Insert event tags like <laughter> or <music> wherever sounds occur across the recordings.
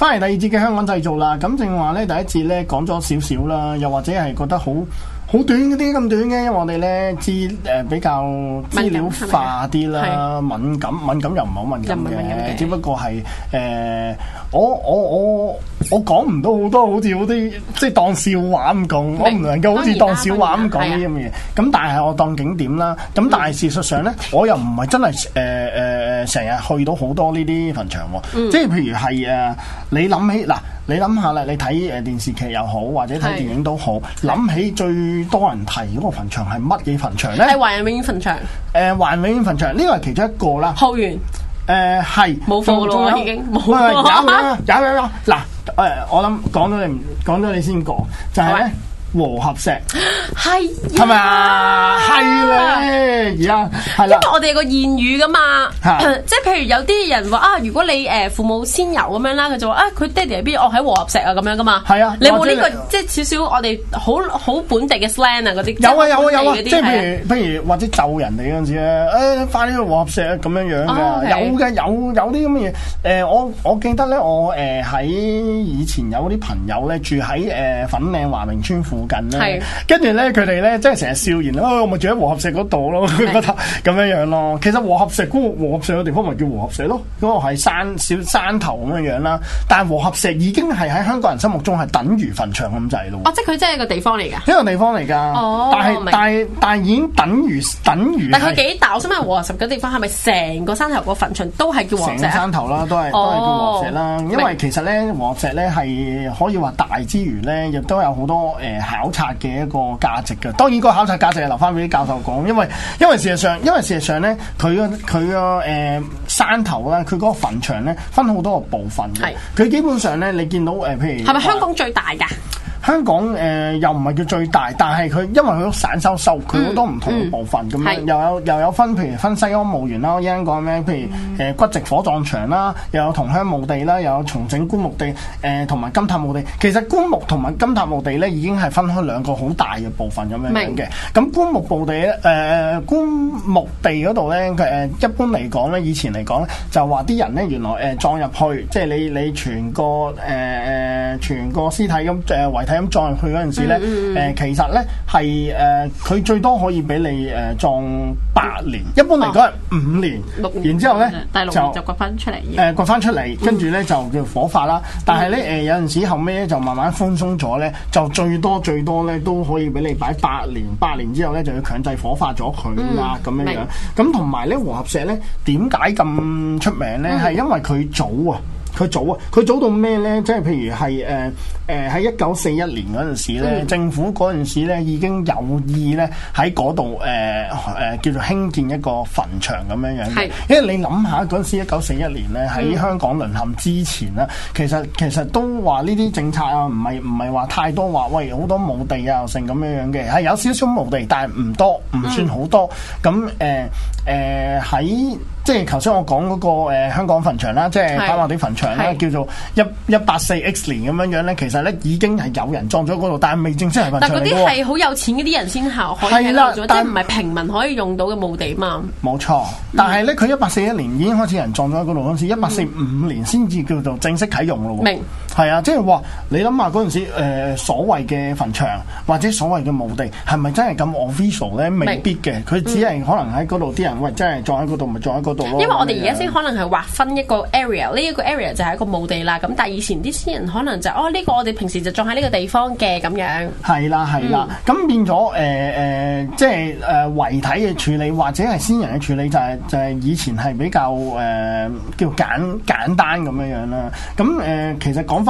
翻嚟第二節嘅香港製造啦，咁正話咧，第一節咧講咗少少啦，又或者係覺得好好短啲咁短嘅，因為我哋咧資誒、呃、比較資料化啲啦，敏感敏感，敏感又唔係好敏感嘅，只不過係誒、呃、我我我我講唔到好多，好似好啲即係當笑話咁講，我唔能夠好似當笑話咁講呢咁嘅嘢。咁但係我當景點啦，咁但係事實上咧， <laughs> 我又唔係真係誒誒。呃呃成日去到好多呢啲墳場，嗯、即係譬如係誒，你諗起嗱，你諗下啦，你睇誒電視劇又好，或者睇電影都好，諗起最多人提嗰個墳場係乜嘢墳場咧？係華人永遠墳場。誒、呃，華人永遠墳場呢個係其中一個啦。後園。誒、呃，係。冇錯啦，已經。冇。有啊，有啊，有啊。嗱、啊，誒、啊啊，我諗講咗你，講咗你先講，就係、是、咧。和合石係係咪啊係咧而家係因為我哋有個諺語噶嘛，是啊、即係譬如有啲人話啊，如果你誒父母先有咁樣啦，佢就話啊，佢爹哋喺邊？我、哦、喺和合石啊咁樣噶嘛。係啊，你冇呢、這個即係少少我哋好好本地嘅 slang 啊嗰啲。有啊有啊有啊，即係、啊啊啊啊、譬如譬如,譬如或者咒人哋嗰陣時咧，誒、哎、快啲去和合石咁樣樣嘅、啊 okay，有嘅有有啲咁嘅嘢。誒、呃，我我記得咧，我誒喺、呃、以前有啲朋友咧、呃、住喺誒、呃、粉嶺華明村邨。緊啦，係跟住咧，佢哋咧，即係成日笑言，啊、哎，我咪住喺和合石嗰度咯，佢覺得咁樣樣咯。 <laughs> 其實和合石，和和合石個地方咪叫和合石咯，嗰、那個係山小山頭咁樣樣啦。但和合石已經係喺香港人心目中係等於墳場咁滯咯。哦，即係佢真係一個地方嚟噶，一個地方嚟噶。哦，但係但係但係已經等於等於。但係佢幾大？我想問和合石嘅地方係咪成個山頭個墳場都係叫和合石？成山頭啦，都係、哦、都係叫和合石啦。因為其實咧，和合石咧係可以話大之餘咧，亦都有好多誒。呃考察嘅一個價值嘅，當然個考察價值係留翻俾啲教授講，因為因為事實上，因為事實上咧，佢個佢個誒山頭咧，佢嗰個墳場咧，分好多個部分嘅。佢基本上咧，你見到誒，譬如係咪香港最大㗎？香港誒、呃、又唔係叫最大，但係佢因為佢都散修修，佢好多唔同嘅部分咁，嗯嗯、樣又有又有分，譬如分西安墓園啦，啱啱講咩？譬如誒、呃嗯、骨殖火葬場啦，又有同鄉墓地啦，又有重整棺木地誒，同、呃、埋金塔墓地。其實棺木同埋金塔墓地咧，已經係分開兩個好大嘅部分咁樣嘅。咁棺木墓地咧，誒、呃、棺木地嗰度咧，佢、呃、一般嚟講咧，以前嚟講呢，就話啲人咧原來，呃、葬入去，即係你你全個誒、呃、全個屍體咁誒係咁撞入去嗰陣時咧，誒其實咧係誒佢最多可以俾你誒撞八年，一般嚟講係五年，哦、然後呢第六年之後咧就就掘翻出嚟，誒掘翻出嚟，跟住咧就叫火化啦、嗯。但係咧誒有陣時候後尾咧就慢慢寬鬆咗咧、嗯，就最多最多咧都可以俾你擺八年，八年之後咧就要強制火化咗佢啦咁樣樣。咁同埋咧和合石咧點解咁出名咧？係、嗯、因為佢早啊，佢早啊，佢早到咩咧？即係譬如係誒。呃誒喺一九四一年嗰陣時咧、嗯，政府嗰陣時咧已經有意咧喺嗰度誒誒叫做興建一個墳場咁樣樣嘅。係因為你諗下嗰陣時一九四一年咧喺香港淪陷之前啦、嗯，其實其實都話呢啲政策啊，唔係唔係話太多話喂好多墓地啊又成咁樣樣嘅，係有少少墓地，但係唔多，唔算好多。咁誒誒喺即係頭先我講嗰個誒香港墳場啦，即係跑馬地墳場啦，叫做一一八四 X 年咁樣樣咧，其實。咧已經係有人葬咗嗰度，但係未正式係但嗰啲係好有錢嗰啲人先下可以喺嗰度，即唔係平民可以用到嘅墓地嘛。冇錯，嗯、但係咧佢一八四一年已經開始有人葬咗喺嗰度，嗰時一八四五年先至叫做正式啟用咯。明。係啊，即係話你諗下陣時誒、呃、所謂嘅墳場或者所謂嘅墓地係咪真係咁 official 咧？未必嘅，佢只係可能喺度啲人，嗯，喂，真係葬喺度，咪葬喺度咯。因為我哋而家先可能係劃分一個 area，呢一個 area 就係一個墓地啦。咁但係以前啲先人可能就是，哦呢、這個我哋平時就葬喺呢個地方嘅咁樣，係啦係啦，咁、啊啊嗯、變咗誒誒即係誒遺體嘅處理或者係先人嘅處理就係、是、就係、是、以前係比較誒、呃、叫簡單簡單咁樣樣啦。咁誒、呃、其實講翻。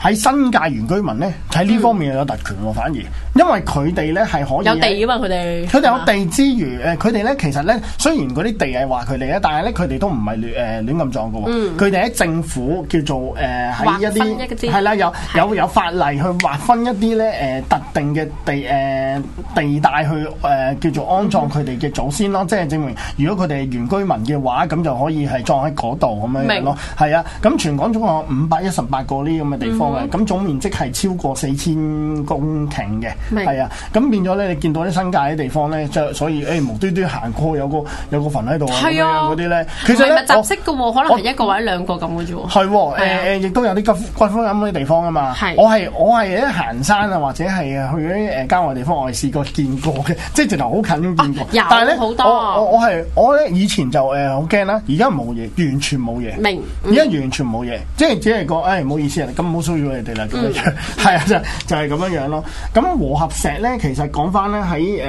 喺新界原居民咧，喺呢方面又有特權喎，啊，反而因為佢哋咧係可以有地啊嘛，佢哋佢哋有地之餘誒佢哋咧其實咧，雖然嗰啲地係話佢哋啊，但係咧佢哋都唔係亂誒亂咁葬噶喎。佢哋喺政府叫做誒喺，呃，一啲係啦，有有有，有法例去劃分一啲咧誒特定嘅地誒，呃，地帶去誒，呃，叫做安葬佢哋嘅祖先咯。嗯，即係證明，如果佢哋係原居民嘅話，咁就可以係葬喺嗰度咁樣咯。係啊，咁全港總共有五百一十八個呢咁嘅地方。嗯咁總面積係超過四千公頃嘅，係啊，咁變咗咧，你見到啲新界啲地方咧，就所以誒、欸、無端端行過有個有個墳喺度啊，嗰啲咧，其實咧，唔係雜色嘅喎，可能係一個或者兩個咁嘅啫喎。係喎，亦、啊啊欸、都有啲骨灰咁啲地方啊嘛。係、啊，我係我係咧行山啊，或者係去啲郊外地方，我係試過見過嘅，即係直頭好近都見過。好、啊、多。但係、啊、我我係我咧以前就好驚啦，而家冇嘢，完全冇嘢。明。而家完全冇嘢，即係只係講誒，唔、哎、好意思，咁冇住佢哋啦係啊，就就係咁樣樣咯。咁、嗯、和合石咧，其實講翻咧喺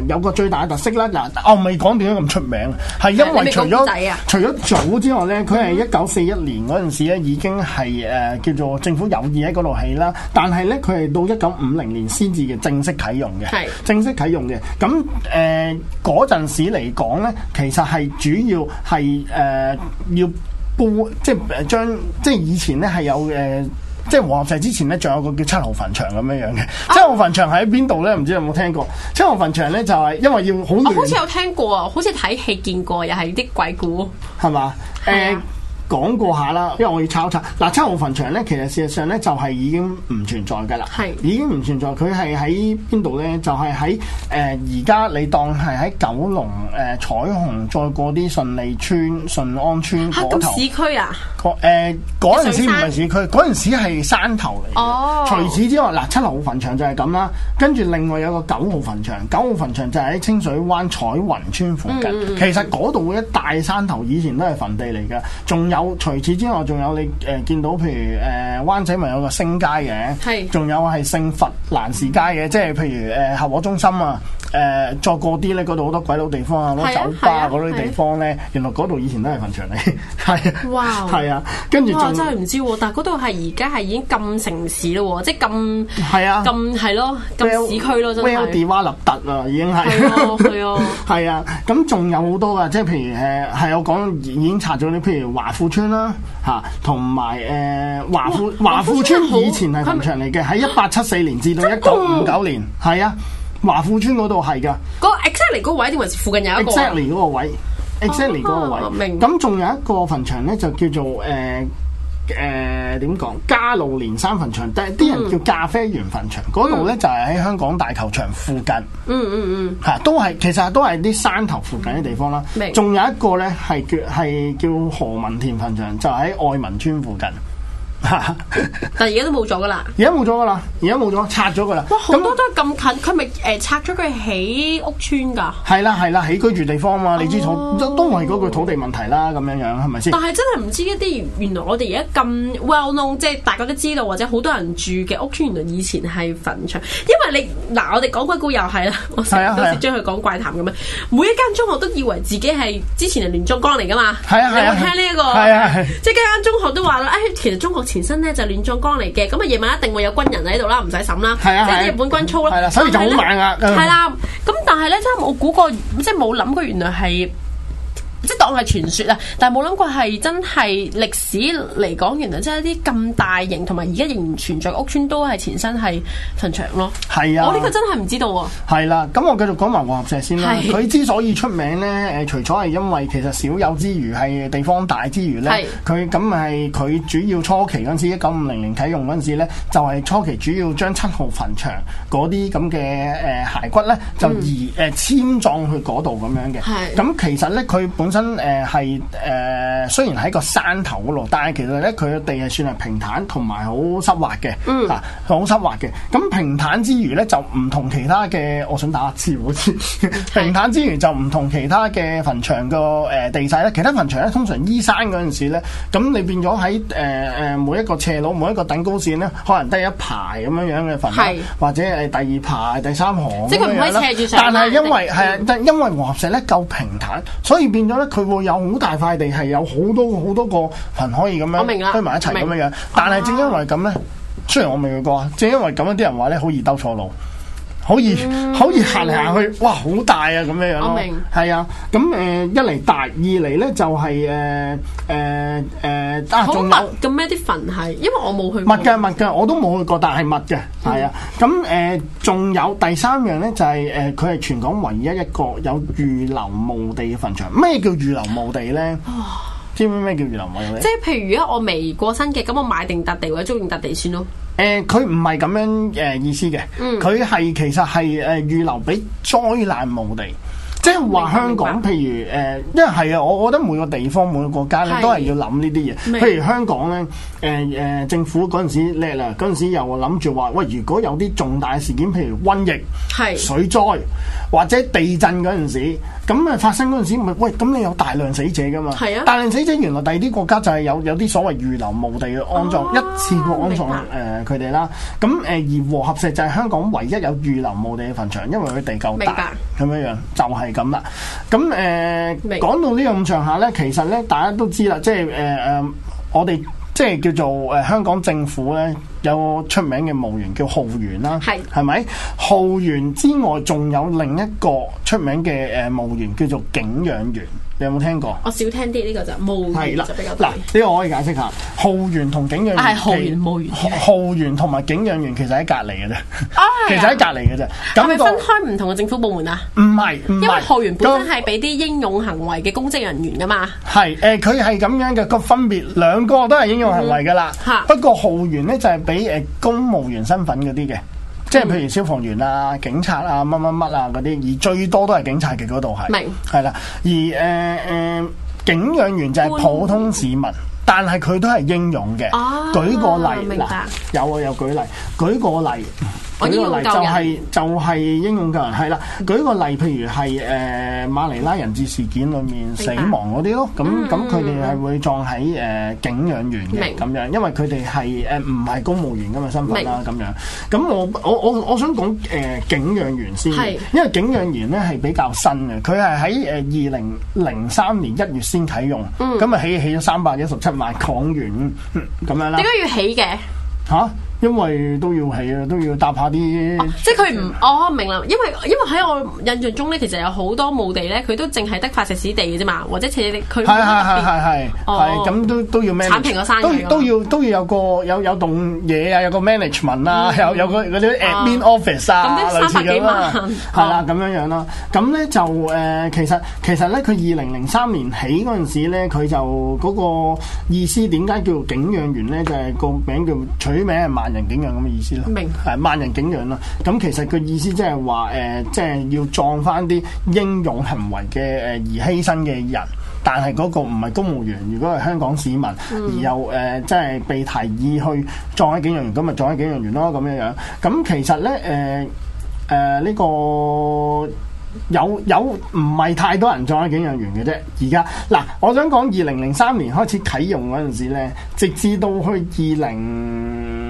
誒誒有個最大嘅特色啦。嗱、呃，我未講點解咁出名，係因為除咗、啊、除咗早之外咧，佢係一九四一年嗰陣時咧已經係誒叫做政府有意喺嗰度起啦，但係咧佢係到一九五零年先至嘅正式啟用嘅，係正式啟用嘅。咁誒嗰陣時嚟講咧，其實係主要係誒、呃、要。即係將，即係以前咧係有誒，即係和合石之前咧仲有個叫七號墳場咁樣樣嘅。七號墳場喺邊度咧？唔知有冇聽過？七號墳場咧就係因為要好難。我好，好似有聽過啊，好似睇戲見過，又係啲鬼故係嘛？誒。講過下啦，因為我要抄一抄嗱七號墳場咧，其實事實上咧就係已經唔存在噶啦，係已經唔存在。佢係喺邊度咧？就係喺誒而家你當係喺九龍誒、呃、彩虹再過啲順利村、順安村嗰頭。嚇！市區啊？誒嗰陣時唔係市區，嗰陣時係山頭嚟嘅。哦。除此之外，嗱七號墳場就係咁啦。跟住另外有個九號墳場，九號墳場就係喺清水灣彩雲村附近。嗯、其實嗰度一大山頭以前都係墳地嚟嘅，仲有。除此之外，仲有你誒見到譬如誒灣仔咪有個星街嘅，係仲有係聖佛蘭士街嘅，即係譬如誒合和中心啊。誒、呃、再過啲咧，嗰度好多鬼佬地方啊，好多酒吧嗰啲地方咧、啊啊，原來嗰度以前都係墳場嚟，係啊，係、wow, 啊，跟住仲我真係唔知喎、啊，但係嗰度係而家係已經咁城市咯，即係咁係啊，咁係咯，咁、啊、市區咯真係。v a n 立特啊，啊， <laughs> 啊，已經係係啊，咁仲有好多啊。即係譬如誒係我講已經查咗啲，譬如華富村啦嚇，同埋誒華富華富，華富村以前係墳場嚟嘅，喺一八七四年至到一九五九年，係啊。華富村嗰度係噶，嗰、那個、exactly 嗰個位定還是附近有、啊、exactly 嗰個位，exactly 嗰個位。明咁仲有一個墳場咧，就叫做誒誒點講？加、呃、路、呃、連山墳場，但係啲人叫咖啡園墳場。嗰度咧就係、是、喺香港大球場附近。嗯嗯嗯，嚇、嗯、都係，其實都係啲山頭附近嘅地方啦。仲有一個咧係叫係叫何文田墳場，就喺、是、愛民村附近。但而家都冇咗噶啦，而家冇咗噶啦，而家冇咗，拆咗噶啦。哇，咁多都係咁近，佢咪誒拆咗佢起屋村噶？係啦係啦，起居住地方啊嘛、哦，你知土都係嗰句土地問題啦，咁樣樣係咪先？但係真係唔知一啲，原來我哋而家咁 well known，即係大家都知道，或者好多人住嘅屋村，原來以前係墳場。因為你嗱，我哋講鬼故又係啦，我成日都將佢講怪談咁樣，每一間中學都以為自己係之前係亂葬崗嚟噶嘛。係啊係啊，你有冇聽呢一個？係啊係，即係間間中學都話啦，誒、哎，其實中學。前身咧就係、亂葬崗嚟嘅，咁啊夜晚一定會有軍人喺度啦，唔使審啦，即係、啊就係、日本軍操咯、啊啊，所以就好猛啊！係啦，咁、嗯啊、但係咧，真係我估過，即係冇諗過原來係。即係當係傳說啊，但係冇諗過係真係歷史嚟講，原來真係啲咁大型同埋而家仍然存在嘅屋村都係前身係墳場咯。係啊，我呢個真係唔知道喎、啊。係啦，咁我繼續講埋和合石先啦。佢之所以出名咧，誒除咗係因為其實少有之餘，係地方大之餘咧，佢咁係佢主要初期嗰陣時候，一九五零零啟用嗰陣時咧，就係、是、初期主要將七號墳場嗰啲咁嘅誒骸骨咧，就移誒遷葬去嗰度咁樣嘅。係咁，其實咧佢本身誒係誒雖然喺個山頭度，但係其實咧，佢嘅地係算係平坦同埋好濕滑嘅，嚇、嗯，好、啊、濕滑嘅。咁平坦之餘咧，就唔同其他嘅，我想打字，好似平坦之餘就唔同其他嘅墳場個誒地勢咧，其他墳場咧通常依山陣時咧，咁你變咗喺誒誒每一個斜路、每一個等高線咧，可能得一排咁樣樣嘅墳，或者係第二排、第三行。即係佢唔可以斜住上，但係因為係啊，但、嗯、因為和合石咧夠平坦，所以變咗。佢會有好大塊地，係有好多好多個群可以咁樣堆埋一齊咁樣樣，但係正因為咁呢、啊，雖然我未去過啊，正因為咁樣啊，啲人話呢，好易兜錯路。可以可以行嚟行去，哇！好大啊，咁樣樣咯。我明係啊，咁誒一嚟大，二嚟咧就係誒誒誒啊，仲有好密咁咩？啲墳係，因為我冇去過。密嘅，密嘅，我都冇去過，但係密嘅，係、嗯、啊。咁誒，仲、呃、有第三樣咧、就是，就係誒，佢係全港唯一一個有預留墓地嘅墳場。咩叫預留墓地咧、哦？知唔知咩叫預留墓地咧？即係譬如，如果我未過身嘅，咁我買定笪地或者租定笪地先咯。誒、呃，佢唔係咁樣、呃、意思嘅，佢、嗯、係其實係、呃、預留俾災難無地。即係話香港，譬如誒，因為係啊，我覺得每個地方、每個國家咧都係要諗呢啲嘢。譬如香港咧，誒、呃、誒，政府嗰陣時叻啦，嗰陣時又諗住話，喂，如果有啲重大事件，譬如瘟疫、水災或者地震嗰陣時，咁啊發生嗰陣時，咪喂，咁你有大量死者噶嘛？係啊，大量死者，原來第二啲國家就係有有啲所謂預留墓地嘅安葬，哦，一次過安葬誒佢哋啦。咁誒而和合石就係香港唯一有預留墓地嘅墳場，因為佢地夠大。明白咁樣樣就係、是。咁啦，咁誒講到呢個咁長下咧，其實咧大家都知啦，即係誒誒我哋即係叫做誒香港政府咧有個出名嘅墓園叫浩園啦，係係咪浩園之外，仲有另一個出名嘅誒墓園叫做景仰園。你有冇聽過？我少聽啲呢、這個就是，務員就嗱，呢、這個我可以解釋下，浩園同景仰園。係、啊、浩園務員。浩園同埋景仰園其實喺隔籬嘅啫，其實喺隔籬嘅啫。咁、那、你、個、分開唔同嘅政府部門啊？唔係，因為浩園本身係俾啲英勇行為嘅公職人員噶嘛。係誒，佢係咁樣嘅個分別，兩個都係英勇行為噶啦、嗯。不過浩園咧就係俾誒公務員身份嗰啲嘅。即係譬如消防員啊、警察啊、乜乜乜啊嗰啲，而最多都係警察嘅嗰度係，係啦。而誒誒、呃呃、警養員就係普通市民，但係佢都係英勇嘅、啊。舉個例明白啦，有啊，有舉例，舉個例。舉個例就係就係英勇救人係啦，就是就是，舉個例，譬如係誒馬尼拉人質事件裏面死亡嗰啲咯，咁咁佢哋係會葬喺誒景仰園嘅咁樣，因為佢哋係誒唔係公務員咁嘅身份啦咁樣。咁我我我我想講誒、呃、景仰園先，因為景仰園咧係比較新嘅，佢係喺誒二零零三年一月先啟用，咁、嗯、啊起起咗三百一十七萬港元咁樣啦。點解要起嘅吓？啊因為都要係啊，都要搭一下啲、哦。即係佢唔哦明啦，因為因為喺我印象中咧，其實有好多墓地咧，佢都淨係得塊石屎地嘅啫嘛，或者似佢。係係係係係，係、哦、咁都都要咩？產平個生意都要都要有個有有棟嘢啊，有個 management 啊、嗯、有有個嗰啲 admin office 啊、嗯、咁、嗯嗯嗯、三百幾萬，係啦，咁、哦、樣樣啦。咁、哦、咧就誒、呃、其實其實咧，佢二零零三年起陣時咧，佢就、嗰個意思點解叫景仰園咧？就係、是、個名叫取名係萬人景仰咁嘅意思咯，係、啊、萬人景仰咯。咁其實佢意思即係話，誒、呃，即係要葬翻啲英勇行為嘅、誒而犧牲嘅人。但係嗰個唔係公務員，如果係香港市民，嗯、而又誒、呃，即係被提議去葬喺景仰園，咁咪葬喺景仰園咯咁樣樣。咁其實咧，誒、呃，誒、呃，呢、這個有有唔係太多人葬喺景仰園嘅啫。而家嗱，我想講二零零三年開始啟用嗰陣時咧，直至到去二零。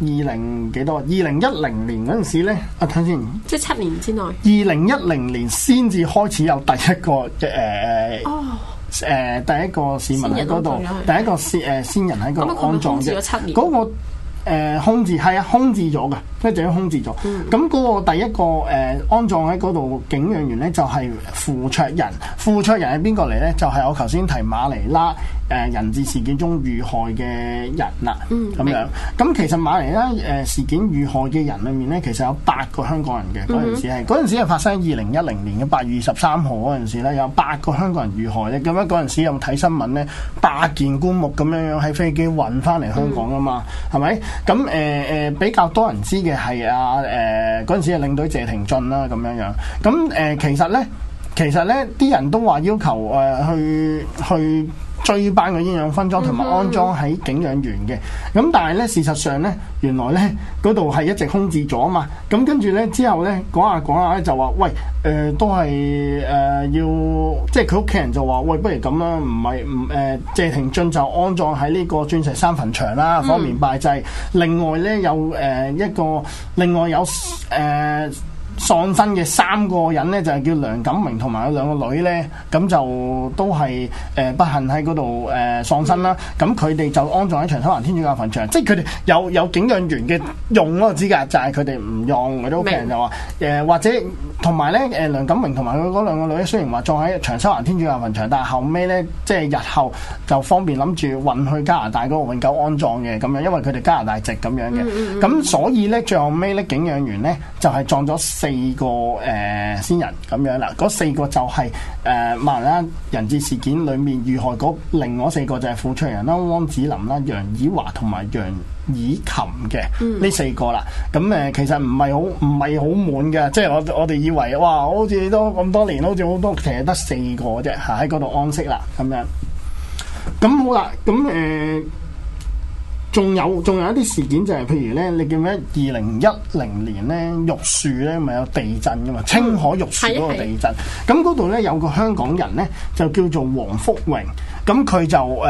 二零幾多？二零一零年嗰陣時咧，啊睇先，即係七年之內。二零一零年先至開始有第一個誒、呃，哦，誒第一個市民喺嗰度，第一個先誒先人喺度安葬咗。啫、啊。嗰個誒空置係啊、那個呃、空置咗嘅，跟住、啊、已經空置咗。咁、嗯、嗰、那個第一個誒、呃、安葬喺嗰度景仰園咧，就係傅卓仁。傅卓仁係邊個嚟咧？就係、是、我頭先提馬尼拉。誒人質事件中遇害嘅人啦，咁樣咁其實馬尼拉誒事件遇害嘅人裏面呢，其實有八個香港人嘅，嗰陣時係嗰陣時係發生二零一零年嘅八月二十三號嗰陣時咧，有八個香港人遇害嘅，咁樣嗰陣時有又睇新聞呢？八件棺木咁樣樣喺飛機運翻嚟香港噶嘛，係、嗯、咪？咁誒誒比較多人知嘅係啊。誒嗰陣時嘅領隊謝廷駿啦咁樣樣，咁誒、呃、其實呢，其實呢啲人都話要求誒去、呃、去。去最棒嘅營養分裝同埋安裝喺景養園嘅，咁但係呢，事實上呢，原來呢，嗰度係一直空置咗啊嘛，咁跟住呢，之後呢，講下講下呢，就話喂，誒、呃、都係誒要，即係佢屋企人就話喂，不如咁啦，唔係唔誒謝霆鋒就安葬喺呢個鑽石山墳場啦，方便拜祭，另外呢，有、呃、誒一個，另外有誒。呃喪生嘅三個人呢，就係、是、叫梁錦明同埋佢兩個女呢。咁就都係誒不幸喺嗰度誒喪生啦。咁佢哋就安葬喺長沙灣天主教墳場，即係佢哋有有景仰園嘅用嗰個資格，就係佢哋唔用嗰啲屋企人就話誒，或者同埋呢，誒梁錦明同埋佢嗰兩個女呢，雖然話葬喺長沙灣天主教墳場，但係後尾呢，即、就、係、是、日後就方便諗住運去加拿大嗰度永久安葬嘅咁樣，因為佢哋加拿大籍咁樣嘅。咁、嗯嗯、所以呢，最後尾呢，景仰園呢，就係葬咗。四個誒、呃、先人咁樣嗱，嗰四個就係誒馬尼拉人質事件裡面遇害，嗰另外四個就係傅卓仁啦，汪子林啦、楊以華同埋楊以琴嘅呢、嗯、四個啦。咁誒其實唔係好唔係好滿嘅，即係我我哋以為哇，好似都咁多年，好似好多，其實得四個啫，喺嗰度安息啦咁樣。咁好啦，咁誒。呃仲有仲有一啲事件就係譬如咧，你見咩？二零一零年咧，玉樹咧咪有地震噶嘛？青海玉樹嗰個地震，咁嗰度咧有個香港人咧，就叫做黃福榮。咁佢就誒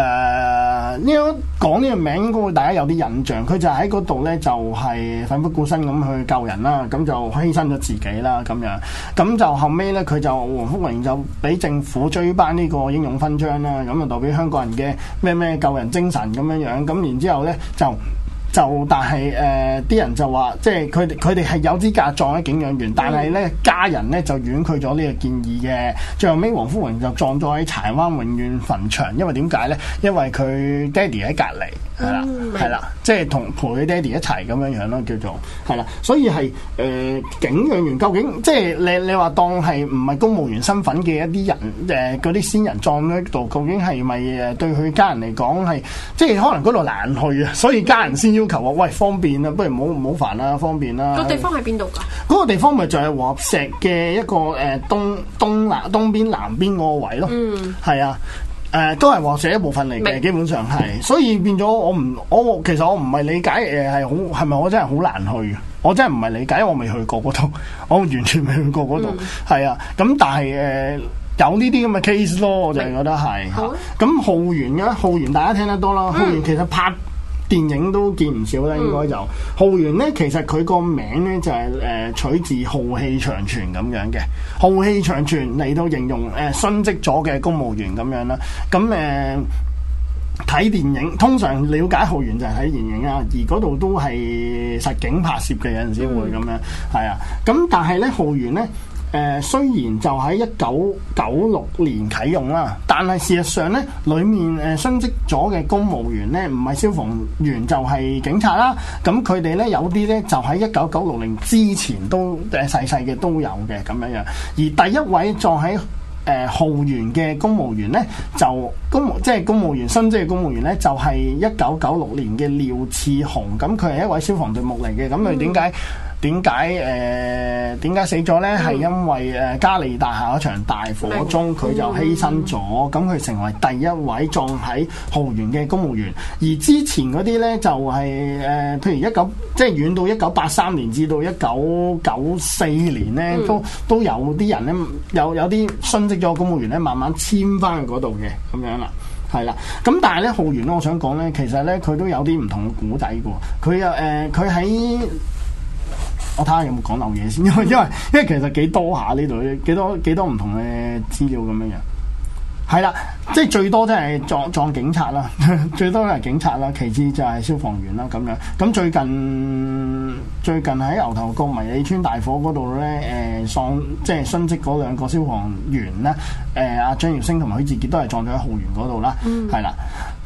呢個講呢個名應該會大家有啲印象，佢就喺嗰度呢，就係、是、奮不顧身咁去救人啦，咁就犧牲咗自己啦咁樣，咁就後尾呢，佢就黃福榮就俾政府追頒呢個英勇勳章啦，咁就代表香港人嘅咩咩救人精神咁樣樣，咁然之後呢，就。就但係誒啲人就話，即係佢哋佢哋係有資格葬喺景仰園，但係咧家人咧就婉拒咗呢個建議嘅。最後尾黃福榮就葬咗喺柴灣永遠墳場，因為點解咧？因為佢爹哋喺隔離。係、嗯、啦，係啦，即係同陪佢爹哋一齊咁樣樣咯，叫做係啦。所以係誒、呃，景仰園究竟即係你你話當係唔係公務員身份嘅一啲人誒，嗰、呃、啲先人葬喺度，究竟係咪誒對佢家人嚟講係即係可能嗰度難去啊？所以家人先要求話喂，方便啊，不如唔好唔好煩啦，方便啦、啊。個地方係邊度噶？嗰、個地方咪就係和合石嘅一個誒東東南東邊南邊個位咯。嗯，係啊。誒、呃，都係或寫一部分嚟嘅，基本上係，所以變咗我唔，我其實我唔係理解誒，係好係咪我真係好難去？我真係唔係理解，我未去過嗰度，我完全未去過嗰度，係、嗯、啊。咁但係誒、呃，有呢啲咁嘅 case 咯，我就覺得係、嗯啊。好，咁浩園啊，浩園大家聽得多啦，浩、嗯、園其實拍。電影都見唔少啦，應該就、嗯、浩園呢，其實佢個名呢，就係、是、誒、呃、取自浩氣長存咁樣嘅，浩氣長存嚟到形容誒殉、呃、職咗嘅公務員咁樣啦，咁誒睇電影通常了解浩園就係睇電影啊，而嗰度都係實景拍攝嘅，有陣時會咁樣，係、嗯、啊，咁但係呢，浩園呢。誒雖然就喺一九九六年啟用啦，但係事實上呢，裏面誒殉職咗嘅公務員呢，唔係消防員就係、是、警察啦。咁佢哋呢，有啲呢，就喺一九九六年之前都誒細細嘅都有嘅咁樣樣。而第一位葬喺誒浩園嘅公務員呢，就公即係、就是、公務員殉職嘅公務員呢，就係一九九六年嘅廖志雄。咁佢係一位消防隊目嚟嘅。咁佢點解？點解誒點解死咗呢？係、嗯、因為誒嘉利大廈嗰場大火中，佢就犧牲咗。咁、嗯、佢成為第一位葬喺浩園嘅公務員。而之前嗰啲呢，呃、19, 就係誒，譬如一九即係遠到一九八三年至到一九九四年呢，嗯、都都有啲人呢，有有啲殉職咗公務員呢，慢慢遷翻去嗰度嘅咁樣啦，係啦。咁但係呢，浩園咧，我想講呢，其實呢，佢都有啲唔同嘅古仔嘅喎。佢又誒，佢、呃、喺我睇下有冇講漏嘢先，因為因為因為其實幾多下呢度，幾多幾多唔同嘅資料咁樣樣。係啦，即係最多都係撞撞警察啦，最多都係警察啦，其次就係消防員啦咁樣。咁最近最近喺牛頭角迷你村大火嗰度咧，誒、呃、喪即係殉職嗰兩個消防員咧，誒阿張耀升同埋許志傑都係撞咗喺浩園嗰度啦，係、嗯、啦。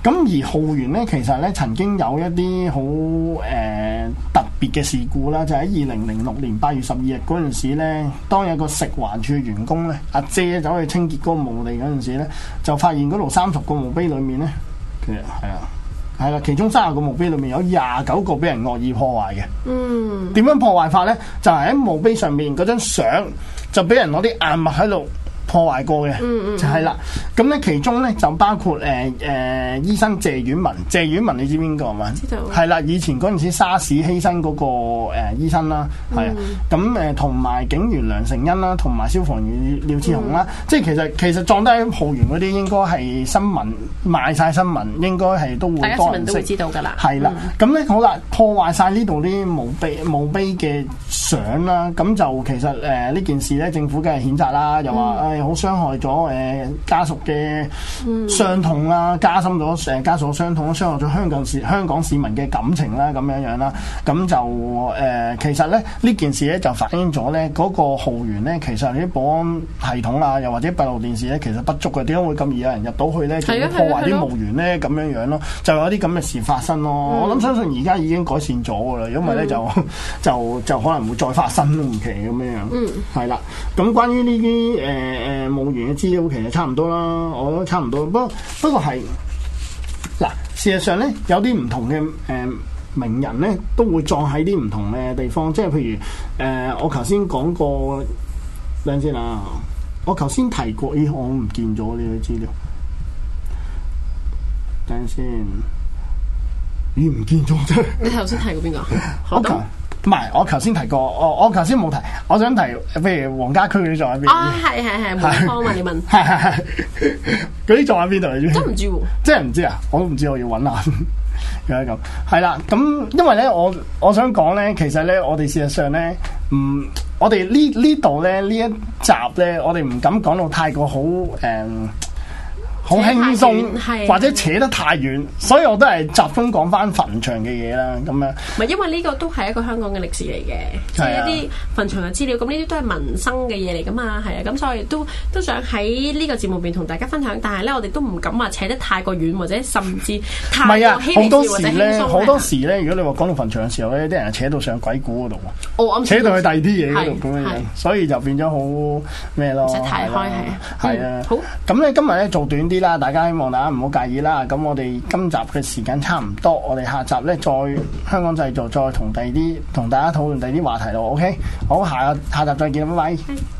咁而浩源咧，其實咧曾經有一啲好、呃、特別嘅事故啦，就喺二零零六年八月十二日嗰陣時咧，當有個食環處員工咧，阿姐走去清潔嗰個墓地嗰陣時咧，就發現嗰度三十個墓碑裏面咧，其實係啊，嗯，係啦，其中三十個墓碑裏面有廿九個俾人惡意破壞嘅。嗯，點樣破壞法咧？就係、是、喺墓碑上面嗰張相就俾人攞啲硬物喺度。破壞過嘅，就係啦。咁咧，其中咧就包括誒誒、呃，醫生謝婉雯，謝婉雯你知邊個係嘛？知道係啦，以前嗰陣時沙士犧牲嗰、那個誒、呃、醫生啦，係、嗯、啊。咁誒，同、呃、埋警員梁成恩啦，同埋消防員廖志雄啦。嗯嗯即係其實其實撞低喺浩園嗰啲，應該係新聞，賣晒新聞，應該係都會多人家都會知道噶啦。係啦，咁、嗯、咧、嗯、好啦，破壞晒呢度啲墓碑墓碑嘅。想啦，咁就其實誒呢件事咧，政府梗係譴責啦，又話誒好傷害咗誒家屬嘅傷痛啦，加深咗誒家屬嘅傷痛，傷害咗香港市香港市民嘅感情啦，咁樣樣啦，咁就誒其實咧呢件事咧就反映咗咧嗰個號源咧，其實啲保安系統啊，又或者閉路電視咧，其實不足嘅，點解會咁易有人入到去咧，就破壞啲墓園咧咁樣樣咯，就有啲咁嘅事發生咯。我諗相信而家已經改善咗噶啦，因為咧就 <laughs> 就就可能會。再發生都唔奇咁樣，係、嗯、啦。咁關於呢啲誒誒墓園嘅資料其實差唔多啦，我覺得差唔多。不過不過係嗱，事實上咧有啲唔同嘅誒、呃、名人咧都會葬喺啲唔同嘅地方，即係譬如誒、呃、我頭先講過，等先啊，我頭先提過咦我唔見咗呢啲資料，等先，咦唔見咗啫？你頭先 <laughs> 提過邊個？唔係，我頭先提過，我我頭先冇提，我想提，譬如黃家駒嗰啲座喺邊？啊、哦，係係係梅芳你問？ <laughs> <laughs> 係係係，嗰啲座喺邊度嚟啫？真唔知喎，真唔知啊！我都唔知，我要揾下。而家咁係啦，咁因為咧，我我想講咧，其實咧，我哋事實上咧，嗯，我哋呢呢度咧，呢一集咧，我哋唔敢講到太過好誒。Um, 好輕鬆，或者扯得太遠，所以我都係集中講翻墳場嘅嘢啦，咁樣。唔係，因為呢個都係一個香港嘅歷史嚟嘅，即係、就是、一啲墳場嘅資料。咁呢啲都係民生嘅嘢嚟㗎嘛，係啊，咁所以都都想喺呢個節目入邊同大家分享。但係咧，我哋都唔敢話扯得太過遠，或者甚至太過恐怖或者輕鬆。好多時咧，好多時咧，如果你話講到墳場嘅時候咧，啲人扯到上鬼故嗰度，哦、扯到去第二啲嘢度咁樣，所以就變咗好咩咯？唔使睇開係啊、嗯嗯，好。咁咧今日咧做短啲。啦，大家希望大家唔好介意啦。咁我哋今集嘅時間差唔多，我哋下集呢再香港製造，再同第二啲同大家討論第二啲話題咯。OK，好，下下集再見，拜拜。嗯